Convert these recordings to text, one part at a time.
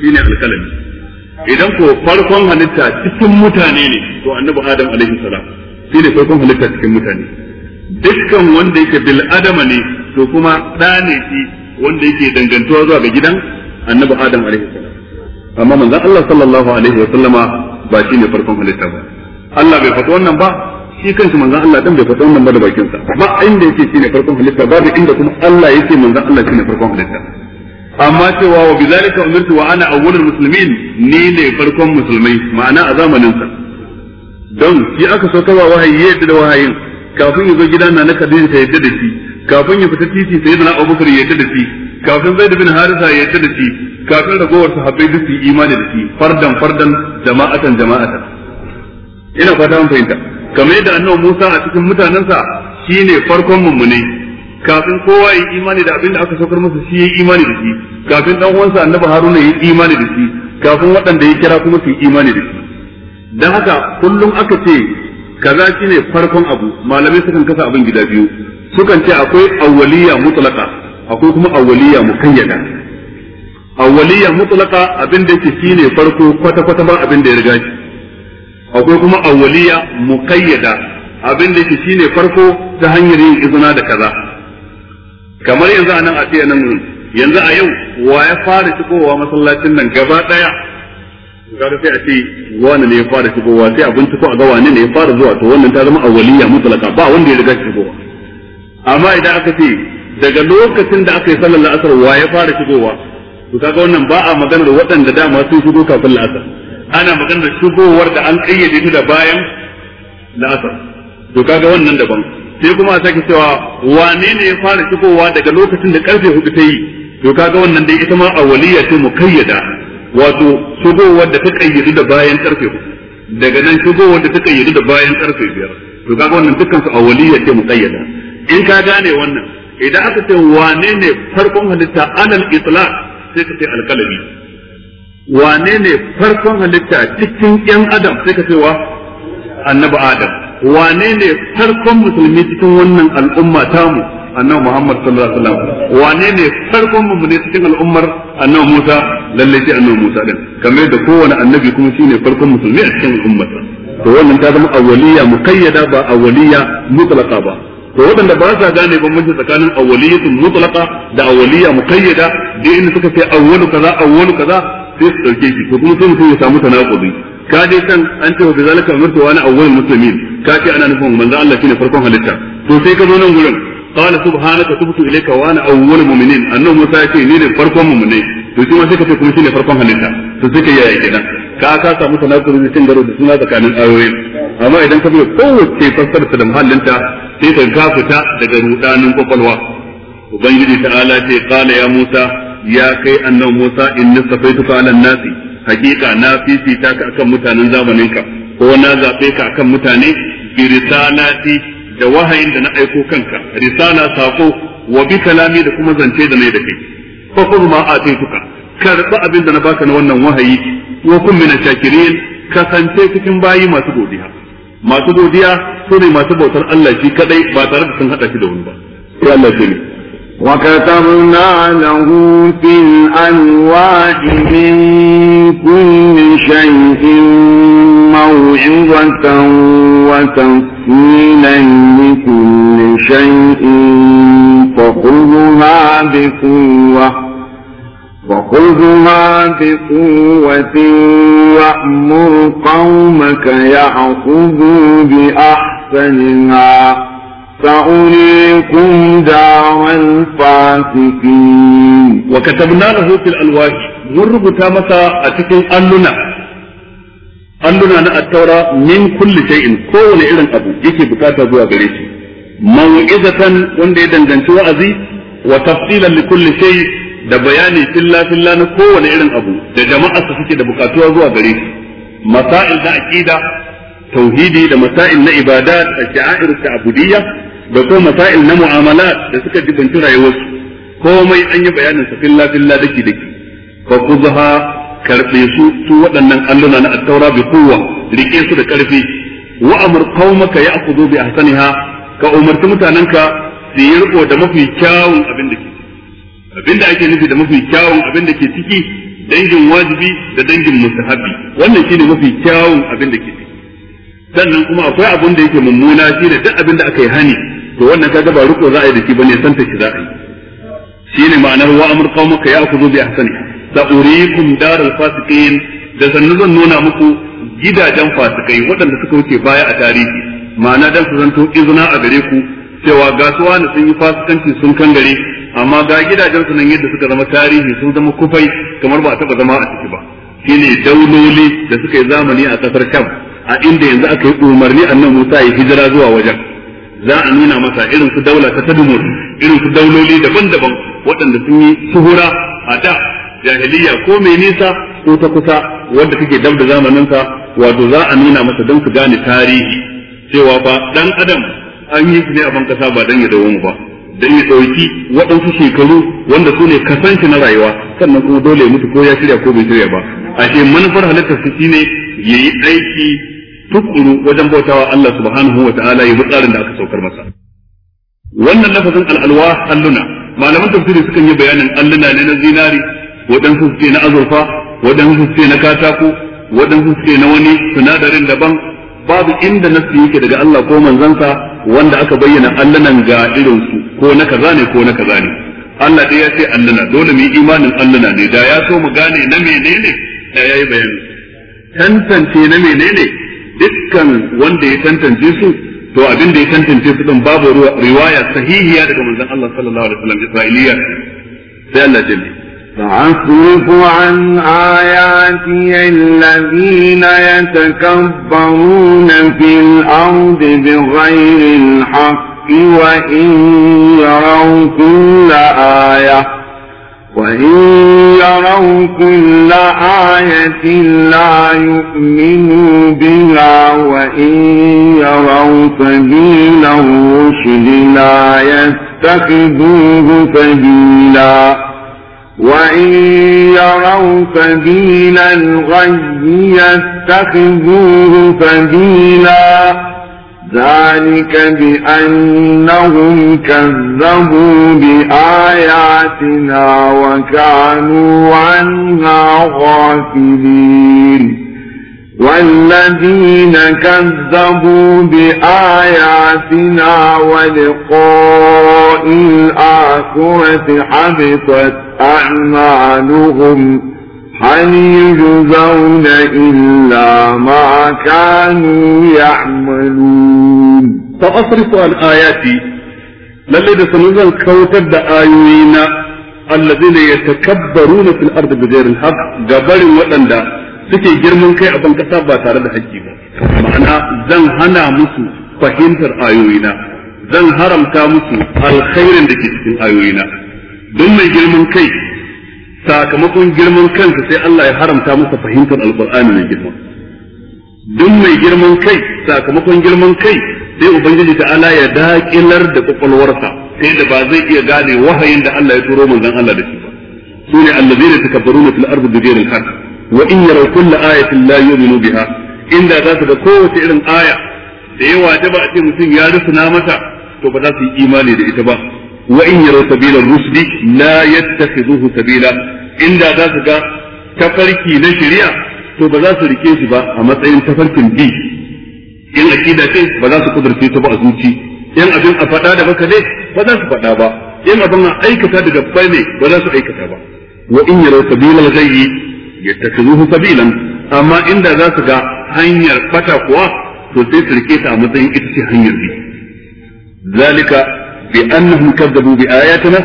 shine alkalami idan ko farkon halitta cikin mutane ne to annabi adam alaihi salam shine farkon halitta cikin mutane dukkan wanda yake bil adama ne to kuma da ne shi wanda yake dangantuwa zuwa ga gidan annabi adam alaihi salam amma manzon Allah sallallahu alaihi wa sallama ba ne farkon halitta ba Allah bai faɗi wannan ba shi kanshi manzon Allah dan bai faɗi wannan ba da bakin sa ba inda yake ne farkon halitta ba inda kuma Allah yake manzon Allah ne farkon halitta amma cewa wa bizalika umirtu wa ana awwalul muslimin ni ne farkon musulmai ma'ana a zamanin sa don shi aka so kawa wahayi yadda da wahayin kafin ya zo gida na kadin ta yadda da shi kafin ya fita titi sayyidina Abubakar ya yadda da shi kafin Zaid bin Harisa ya yadda da shi kafin ragowar sahabbai duk su imani da shi fardan fardan jama'atan jama'atan ina fata mun fahimta kamar yadda annabi Musa a cikin mutanensa shine farkon mummune kafin kowa ya imani da abin da aka saukar masa shi ya imani da shi kafin dan uwansa annabi haruna yi imani da shi kafin waɗanda ya kira kuma su yi imani da shi dan haka kullum aka ce kaza shine farkon abu malamai sukan kasa abin gida biyu sukan ce akwai awwaliyya mutlaqa akwai kuma awwaliyya mukayyada awwaliyya mutlaqa abin da yake shine farko kwata kwata ba abin da ya riga shi akwai kuma awwaliyya mukayyada abin da yake shine farko ta hanyar yin izina da kaza kamar yanzu anan a ce nan yanzu a yau wa ya fara shigowa masallacin nan gaba daya kaga sai a ce wani ne ya fara shigowa sai a binciko a ga wani ne ya fara zuwa to wannan ta zama awaliya mutlaka ba wanda ya riga shigowa amma idan aka ce daga lokacin da aka yi sallar la'asar wa ya fara shigowa to kaga wannan ba a maganar waɗanda dama sun shigo kafin la'asar ana maganar shigowar da an kayyade ta da bayan la'asar to kaga wannan daban sai kuma a sake cewa wane ne ya fara shigowa daga lokacin da karfe hudu ta yi to kaga wannan dai ita ma awaliya ce mukayyada wato shigowar da ta kayyadu da bayan karfe daga nan shigowar da ta kayyadu da bayan karfe biyar to kaga wannan dukkan su awaliya ce mukayyada in ka gane wannan idan aka ce wane ne farkon halitta alal itlaq sai ka ce alkalami wane ne farkon halitta cikin yan adam sai ka ce wa annabi adam wane ne farkon musulmi cikin wannan al'umma tamu annabi Muhammad sallallahu alaihi wasallam wane ne farkon mummune cikin al'ummar annabi Musa lalle shi annabi Musa din kamar da kowane annabi kuma shine farkon musulmi a cikin al'ummar to wannan ta zama awwaliya muqayyada ba awwaliya mutlaqa ba to waɗanda ba sa gane bambanci tsakanin awwaliyatun mutlaqa da awwaliya muqayyada da inda suka ce awwalu kaza awwalu kaza sai su dauke shi to kuma sai mutum ya samu tanaqubi ka dai san an ce bi zalika umirtu wani ana awwalul muslimin ka ce ana nufin manzo Allah shine farkon halitta to sai ka zo nan gurin qala subhanaka tubtu ilayka wa ana awwalul mu'minin annabi Musa ya ce ni ne farkon mu'mini to shi ma sai ka ce kuma shine farkon halitta to sai ka yaya kenan ka ka samu tanakuri cin garo da suna tsakanin ayoyin amma idan ka bi kowace fassarta da muhallinta sai ka ka fita daga rudanin kwakwalwa ubangiji ta'ala ce qala ya Musa ya kai annabi Musa inni safaituka ala nasi hakika na fifita ka akan mutanen ka ko na zabe ka akan mutane bi risalati da wahayin da na aiko kanka risala sako wa bi kalami da kuma zance da nayi da kai fa kun ma ataituka karba abin da na baka na wannan wahayi wa kun min shakirin kasance cikin bayi masu godiya masu godiya sune masu bautar Allah shi kadai ba tare da sun hada shi da wani ba sai Allah ya وكتبنا له في الألواح من كل شيء موعظة وتفصيلا لكل شيء فخذها بقوة فخذها بقوة وأمر قومك يعخذوا بأحسنها سأريكم دار الفاسقين وكتبنا له في الألواح مرغ تامسا أتكين ألنا ألنا أنا التوراة من كل شيء كون إذن أبو يكي بكاتا بوا غريسي موعظة وندي دنجنت وأزي وتفصيلا لكل شيء da bayani filla filla na kowane irin abu da jama'a su suke da bukatuwa zuwa gare shi masail na aqida tauhidi da masail na ibadat da sha'air ta'budiyya da ko masail na mu'amala da suka jibanci rayuwarsu komai an yi bayanin sa filla filla dake dake fa kuzha karbe su su waɗannan alluna na at-taura bi quwwa rike su da karfi wa amur qaumaka ya'khudhu bi ahsaniha ka umarci mutananka su yi riko da mafi kyawun abin da ke abin da ake nufi da mafi kyawun abin da ke ciki dangin wajibi da dangin mustahabi wannan shine mafi kyawun abin da ke ciki sannan kuma akwai abin da yake mummuna shine duk abin da aka yi hani to wannan kaga ba ruko za a yi da shi bane san ta shi za a yi shine ma'anar wa amr qaumaka ya'khudhu bi ahsani sa uriikum daral fasiqin da sannu zan nuna muku gidajen fasikai waɗanda suka wuce baya a tarihi ma'ana dan su to izina a gare ku cewa ga su wani sun yi fasikanci sun kan gare amma ga gidajen su nan yadda suka zama tarihi sun zama kufai kamar ba a taba zama a ciki ba shine dauloli da suka yi zamani a kasar Sham a inda yanzu aka yi umarni annabi Musa ya hijira zuwa wajen za a nuna masa irin su daula ta tadumur irin su dauloli daban-daban waɗanda sun yi suhura a da jahiliya ko mai nisa ko ta kusa wanda take dab da zamaninsa wato za a nuna masa don su gane tarihi cewa ba ɗan adam an yi su ne a bankasa ba dan ya dawo ba don ya ɗauki waɗansu shekaru wanda su ne kasance na rayuwa sannan kuma dole ya mutu ko ya shirya ko bai shirya ba ashe manufar halittar su shine yi aiki tukuru wajen bautawa Allah subhanahu wa ta'ala ya bi tsarin da aka saukar masa wannan lafazin al'alwa alluna malaman tafsiri sukan yi bayanin alluna ne na zinari waɗansu suke na azurfa waɗansu suke na katako waɗansu suke na wani sinadarin daban babu inda nasi yake daga Allah ko manzansa wanda aka bayyana allunan ga irinsu ko na kaza ne ko na kaza ne Allah dai ya ce alluna dole mu yi imanin alluna ne da ya so mu gane na menene da yayi bayani tantance na menene dukkan wanda ya tantance su to abin da ya tantance su din babu riwaya sahihiya daga manzon Allah sallallahu alaihi wasallam Isra'iliya sai Allah jalla فأصرف عن آياتي الذين يتكبرون في الأرض بغير الحق وإن يروا كل آية وإن يروا كل آية لا يؤمنوا بها وإن يروا سبيل الرشد لا يتخذوه سبيلا وإن يروا سبيل الغي يتخذوه سبيلا ذلك بأنهم كذبوا بآياتنا وكانوا عنها غافلين والذين كذبوا بآياتنا ولقاء الآخرة حبطت أعمالهم هل يجزون إلا ما كانوا يعملون فأصرف عن آياتي للذي سنزل كوتد آيوين الذين يتكبرون في الأرض بغير الحق قبل وطندا suke girman kai a bankasa ba tare da haƙƙi ba ma'ana zan hana musu fahimtar ayoyina zan haramta musu alkhairin da ke cikin ayoyina don mai girman kai sakamakon girman kansa sai Allah ya haramta masa fahimtar alkur'ani mai girma duk mai girman kai sakamakon girman kai sai ubangiji ta'ala ya daƙilar da kwakwalwarsa sai da ba zai iya gane wahayin da Allah ya turo manzon Allah da shi ba su ne allazina takabbaruna fil ardi bighayri al-haqq wa in yaraw kulla ayatin la yu'minu biha inda za su ga kowace irin aya da yawa ta ba a ce mutum ya rusuna mata to ba za su yi imani da ita ba wa in yaro na rusdi la yattakhidhuhu sabila inda za su ga tafarki na shari'a to ba za su rike shi ba a matsayin tafarkin bi in akida ba za su kudurce ta ba a zuci in abin a faɗa da baka ba za su faɗa ba in abin a aikata da gabbai ne ba za su aikata ba wa in yaro sabila sabilan amma inda za su ga hanyar fata kuwa to su rike a matsayin ita ce hanyar bi zalika bi annahum kazzabu bi ayatina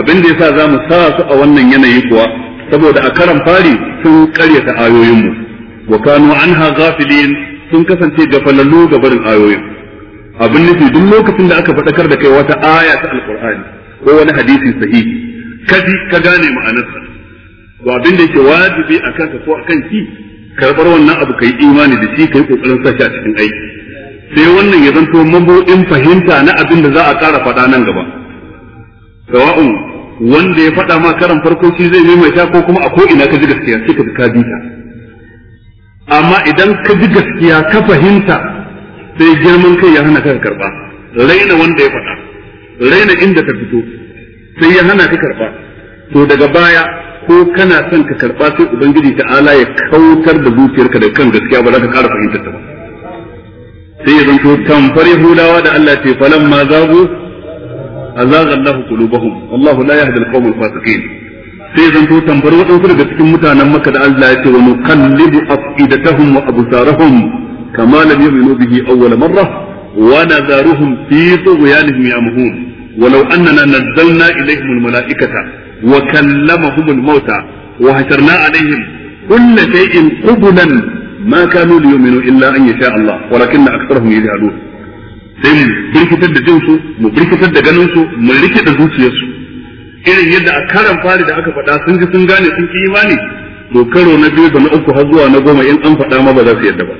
abin da yasa zamu sa su a wannan yanayi kuwa saboda a karan fari sun karyata ayoyin mu wa kanu anha ghafilin sun kasance gafalallu ga barin ayoyin abin nufi duk lokacin da aka faɗakar da kai wata aya ta alqur'ani ko wani hadisi sahihi kadi ka gane ma'anarsa to abin da yake wajibi akan ka ko akan ki karbar wannan abu kai imani da shi kai kokarin sa shi a cikin aiki sai wannan ya zanto mabuɗin fahimta na abin da za a ƙara faɗa nan gaba sawa'un wanda ya faɗa ma karan farko shi zai maimaita ko kuma a ko'ina ka ji gaskiya sai ka ji ka bita amma idan ka ji gaskiya ka fahimta sai girman kai ya hana ka karɓa raina wanda ya faɗa raina inda ka fito sai ya hana ka karɓa to daga baya ko kana son ka karɓa sai ubangiji ta'ala ya kautar da zuciyarka da kan gaskiya ba za ka ƙara fahimtar ta ba sai ya zanto tamfar yahudawa da Allah ce falan ma zagu azaga Allah qulubahum wallahu la ya al-qawm al-fasiqin sai zanto tamfar waɗansu daga cikin mutanen maka da Allah ya ce wa nuqallibu afidatahum wa absarahum kama lam yu'minu bihi awwal marra wa nazaruhum fi tughyanihim ya'mahun ولو أننا نزلنا إليهم الملائكة وكلمهم الموتى وحشرنا عليهم كل شيء قبلا ma kanu liyuminu illa an yasha Allah walakinna aktharuhum yajhadun sai mu birkitar da jinsu mu birkitar da ganin su mu rike da zuciyarsu irin yadda a karan fari da aka faɗa sun ji sun gane sun ki imani to karo na biyu da na uku har zuwa na goma in an faɗa ma ba za su yadda ba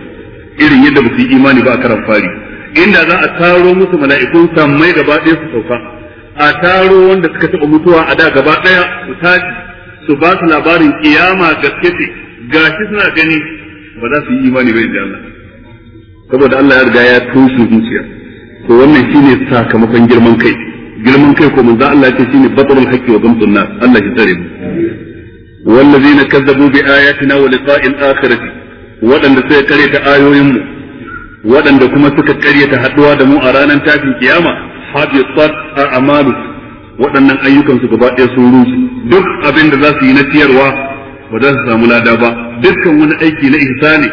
irin yadda ba su yi imani ba a karan fari inda za a taro musu mala'ikun sammai gaba ɗaya su sauka a taro wanda suka taɓa mutuwa a da gaba ɗaya su tashi su ba su labarin kiyama gaske ce gashi suna gani ba za su yi imani bai da Allah saboda Allah ya riga ya toshe zuciya to wannan shine sakamakon girman kai girman kai ko manzo Allah ya ce shine batrul haqqi wa gamtun nas Allah ya tsare mu والذين كذبوا بآياتنا ولقاء الآخرة waɗanda suka karyata ayoyinmu waɗanda kuma suka karyata haɗuwa da mu a ranar tafin kiyama habitat a amalu waɗannan ayyukansu gaba ɗaya sun rusu duk abin da za su yi na ciyarwa ba za su samu lada ba dukkan wani aiki na ihsani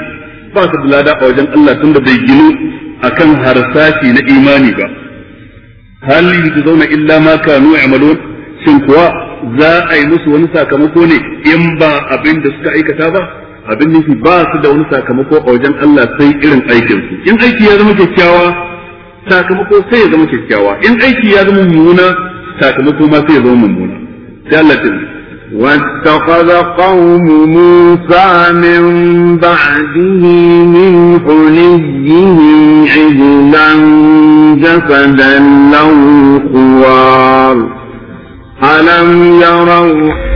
ba su da lada a wajen Allah tun da bai a akan harsashi na imani ba su zauna illa ma kanu ya'malun shin kuwa za a yi musu wani sakamako ne in ba abin da suka aikata ba abin nufi ba su da wani sakamako a wajen Allah sai irin aikinsu in aiki ya zama kyakkyawa sakamako sai ya zama kyakkyawa in aiki ya zama mummuna sakamako ma sai ya zama mummuna sai Allah ta واتخذ قوم موسى من بعده من حليه عجلا جسدا له خوار ألم يروا